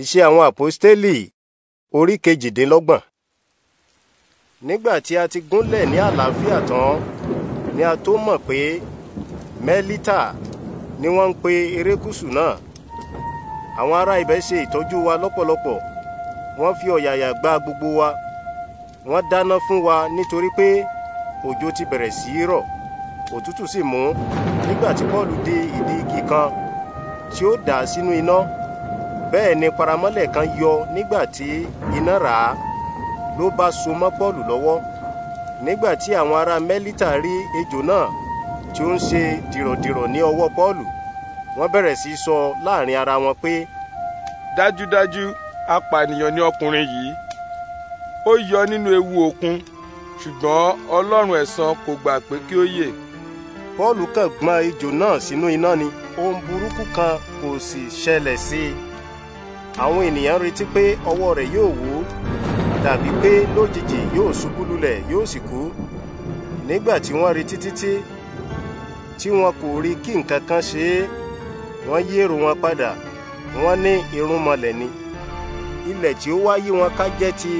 Iṣẹ́ àwọn àpọ́stélì orí kejìdínlọ́gbọ̀n. Nígbà tí a ti gúnlẹ̀ ní àlàáfíà tán ni a tó mọ̀ pé Mẹ́lítà ni wọ́n ń pe erékùṣù náà. Àwọn ará ibẹ̀ ṣe ìtọ́jú wa lọ́pọ̀lọpọ̀. Wọ́n fi ọ̀yàyà gba gbogbo wa. Wọ́n dáná fún wa nítorí pé òjò ti bẹ̀rẹ̀ sí í rọ̀. Òtútù sì mú nígbà tí Pọ́ọ̀lù dé ìdí igi kan tí ó dà sínú iná. No bẹ́ẹ̀ ni paramọ́lẹ̀ kan yọ nígbà tí iná rà á ló bá so mọ́ Pọ́ọ̀lù lọ́wọ́ nígbà tí àwọn ará Mẹ́lítà rí ejò náà tí ó ń ṣe dìrọ̀dìrọ̀ ní ọwọ́ Pọ́ọ̀lù wọ́n bẹ̀rẹ̀ sí í sọ láàrin ara wọn pé. dájúdájú apànìyàn ni ọkùnrin yìí ó yọ nínú ewu òkun ṣùgbọ́n ọlọ́run ẹ̀san kò gbà pé kí ó yè. Pọ́ọ̀lù kàn gbọ́n ejò náà sínú iná ni ohun burúkú kan kò sì ṣẹlẹ̀ sí i àwọn ènìyàn retí pé ọwọ́ rẹ̀ yóò wú tàbí pé lójijì yóò ṣubú lulẹ̀ yóò sì kú nígbà tí wọ́n retí títí tí wọn kò rí kí nǹkan kan ṣe é wọ́n yí èrò wọn padà wọ́n ní irúnmọlẹ̀ ni ilẹ̀ tí ó wá wọn ká jẹ́ ti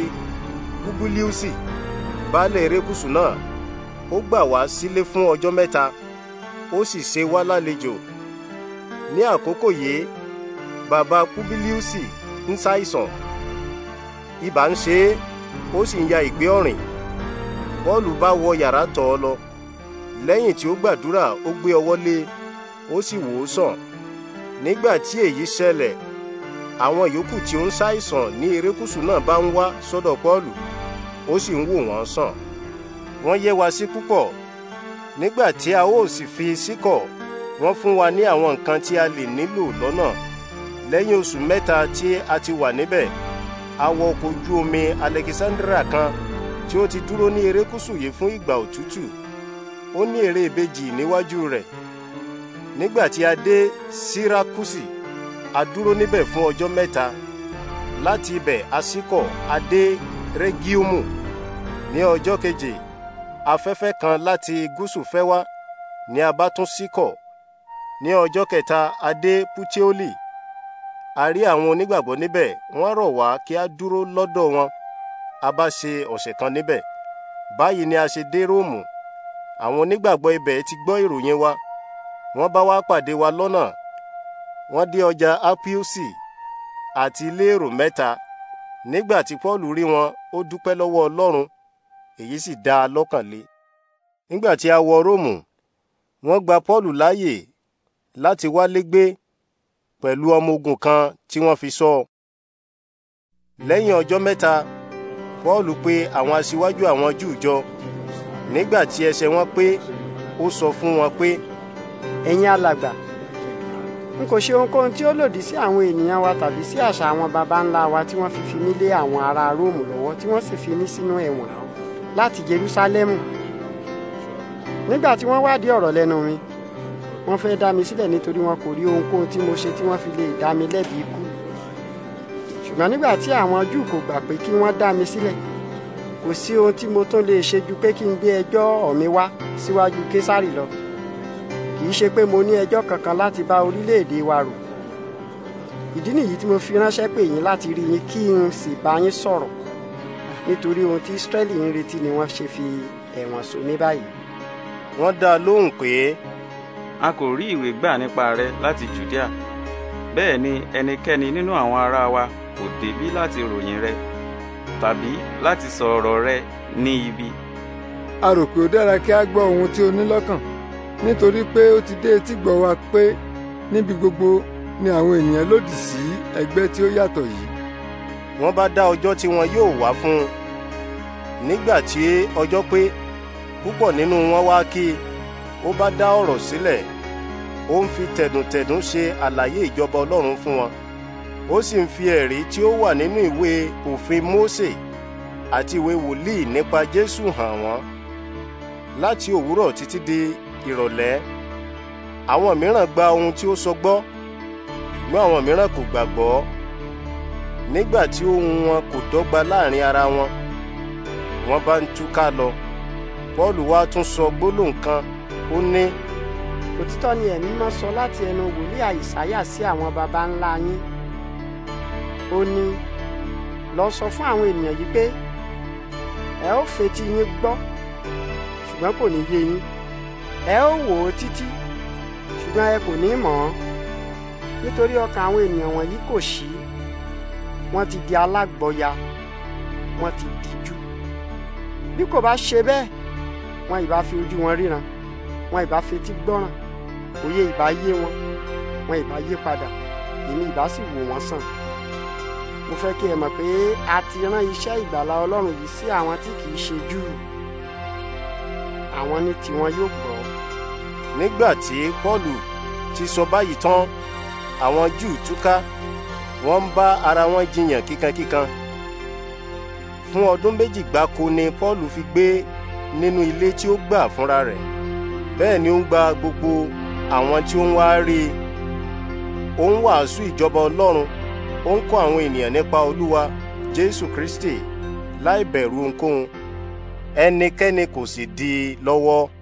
búbúlíùsì baálé erékùṣù náà ó gbà wá sílé fún ọjọ́ mẹ́ta ó sì ṣe wá lálejò ní àkókò yìí Baba Kubiliusi ń ṣàìsàn ibà ń ṣe é ó sì ń ya ìgbẹ́ ọ̀rìn Pọ́ọ̀lù bá wọ yàrá tọ̀ ọ́ lọ lẹ́yìn tí ó gbàdúrà ó gbé ọwọ́ lé ó sì wò ó sàn nígbà tí èyí ṣẹlẹ̀ àwọn yòókù tí ó ń ṣàìsàn ní erékùṣù náà bá ń wá sọ́dọ̀ Pọ́ọ̀lù ó sì ń wò wọ́n sàn wọ́n yẹ́ wa sí púpọ̀ nígbà tí a ó sì fi síkọ̀ wọ́n fún wa ní àwọn nǹkan tí a lè nílò lọ́nà lẹ́yìn oṣù mẹ́ta tí a ti wà níbẹ̀ a wọ ọkọ̀ ojú omi Alexandra kan tí ó ti dúró ní erékùṣù yìí fún ìgbà òtútù ó ní ère ìbejì níwájú rẹ̀ nígbà tí a dé Sírákùsì a dúró níbẹ̀ fún ọjọ́ mẹ́ta láti ibẹ̀ a ṣíkọ̀ a ní ọjọ́ keje afẹ́fẹ́ kan láti gúúsù fẹ́ wá ni a bá tún ṣíkọ̀ ní ọjọ́ kẹta a Puteoli a rí àwọn onígbàgbọ́ níbẹ̀ wọ́n rọ̀ wá kí a dúró lọ́dọ̀ wọn a bá ṣe ọ̀sẹ̀ kan níbẹ̀ báyìí ni a ṣe dé róòmù àwọn onígbàgbọ́ ibẹ̀ ti gbọ́ ìròyìn wa wọ́n bá wá pàdé wa lọ́nà wọ́n dé ọjà apiusi àti ilé èrò mẹ́ta nígbà tí paul rí wọn ó dúpẹ́ lọ́wọ́ ọlọ́run èyí sì dá a lọ́kàn lé nígbà tí a wọ róòmù wọ́n gba paul láàyè láti wálé gbé pẹ̀lú ọmọ ogun kan tí wọ́n fi sọ. lẹ́yìn ọjọ́ mẹ́ta Pọ́ọ̀lù pe àwọn aṣíwájú àwọn Júù jọ nígbà tí ẹsẹ̀ wọn pé ó sọ fún wọn pé. ẹ̀yin alàgbà n kò ṣe ohunkóhun tí ó lòdì sí àwọn ènìyàn wa tàbí sí àṣà àwọn baba ńlá wa tí wọ́n fi fi mí àwọn ará róòmù lọ́wọ́ tí wọ́n sì fi mí sínú ẹ̀wọ̀n láti jerúsálẹ́mù nígbà tí wọ́n wádìí ọ̀rọ̀ lẹ́nu mi wọ́n fẹ́ dá mi sílẹ̀ nítorí wọn kò rí ohunkóhun tí mo ṣe tí wọ́n fi lè dá mi lẹ́bi ikú ṣùgbọ́n nígbà tí àwọn Júù kò gbà pé kí wọ́n dá mi sílẹ̀ kò sí ohun tí mo tún lè ṣe ju pé kí n gbé ẹjọ́ ọ̀mí wá síwájú Késárì lọ kì í ṣe pé mo ní ẹjọ́ kankan láti bá orílẹ̀-èdè wa rò ìdí nìyí tí mo fi ránṣẹ́ pè yín láti rí yín kí n sì bá yín sọ̀rọ̀ nítorí ohun tí Ísírẹ́lì ń retí ni wọ́n ṣe fi ẹ̀wọ̀n so mí báyìí. wọ́n dá a lóhùn pé a kò rí ìwé gbà nípa rẹ láti Jùdíà bẹ́ẹ̀ ni ẹnikẹ́ni nínú àwọn ará wa kò débí láti ròyìn rẹ tàbí láti sọ ọ̀rọ̀ rẹ ní ibi. a rò pé ó dára kí a gbọ́ ohun tí o ní lọ́kàn nítorí pé ó ti dé etígbọ̀ wa pé níbi gbogbo ni àwọn ènìyàn lòdì sí ẹgbẹ́ tí ó yàtọ̀ yìí. wọ́n bá dá ọjọ́ tí wọn yóò wá fún un nígbà tí ọjọ́ pé púpọ̀ nínú wọn wá kí ó bá dá ọ̀rọ̀ sílẹ̀ ó ń fi tẹ̀dùntẹ̀dùn ṣe àlàyé ìjọba ọlọ́run fún wọn ó sì ń fi ẹ̀rí tí ó wà nínú ìwé òfin Mósè àti ìwé wòlíì nípa Jésù hàn wọ́n láti òwúrọ̀ títí di ìrọ̀lẹ́ àwọn mìíràn gba ohun tí ó sọ gbọ́ ṣùgbọ́n àwọn mìíràn kò gbàgbọ́ nígbà tí ohun wọn kò dọ́gba láàrin ara wọn wọ́n bá ń túká lọ Pọ́ọ̀lù wá tún sọ gbólóhùn kan ó ní òtítọ́ ni ẹ̀mí mọ́ sọ láti ẹnu wòlíì àìsáyà sí àwọn baba ńlá yín ó ní lọ sọ fún àwọn ènìyàn yìí pé ẹ ó fetí yín gbọ́ ṣùgbọ́n kò ní yé yín ẹ ó wò ó títí ṣùgbọ́n ẹ kò ní mọ̀ ọ́ nítorí ọkàn àwọn ènìyàn wọ̀nyí kò ṣí wọ́n ti di alágbọ̀ya wọ́n ti díjú bí kò bá ṣe bẹ́ẹ̀ wọn ìbá fi ojú wọn ríran wọn ìbá fetí gbọ́ràn òye ìbá yé wọn wọn ìbá yé padà èmi ìbá sì wò wọ́n sàn mo fẹ́ kí ẹ mọ̀ pé a ti rán iṣẹ́ ìgbàlà ọlọ́run yìí sí àwọn tí kì í ṣe Júù àwọn ní tiwọn yóò gbọ́. nígbà tí Pọ́ọ̀lù ti sọ báyìí tán àwọn Júù túká wọ́n ń bá ara wọn jiyàn kíkankíkan fún ọdún méjì gbáko ni Pọ́ọ̀lù fi gbé nínú ilé tí ó gbà fúnra rẹ̀ bẹ́ẹ̀ ni ó ń gba gbogbo àwọn tí ó ń wá rí i ó ń wàásù ìjọba ọlọ́run ó ń kọ́ àwọn ènìyàn nípa olúwa jésù kristi láì bẹ̀rù ohunkóhun ẹnikẹ́ni kò sì dí lọ́wọ́.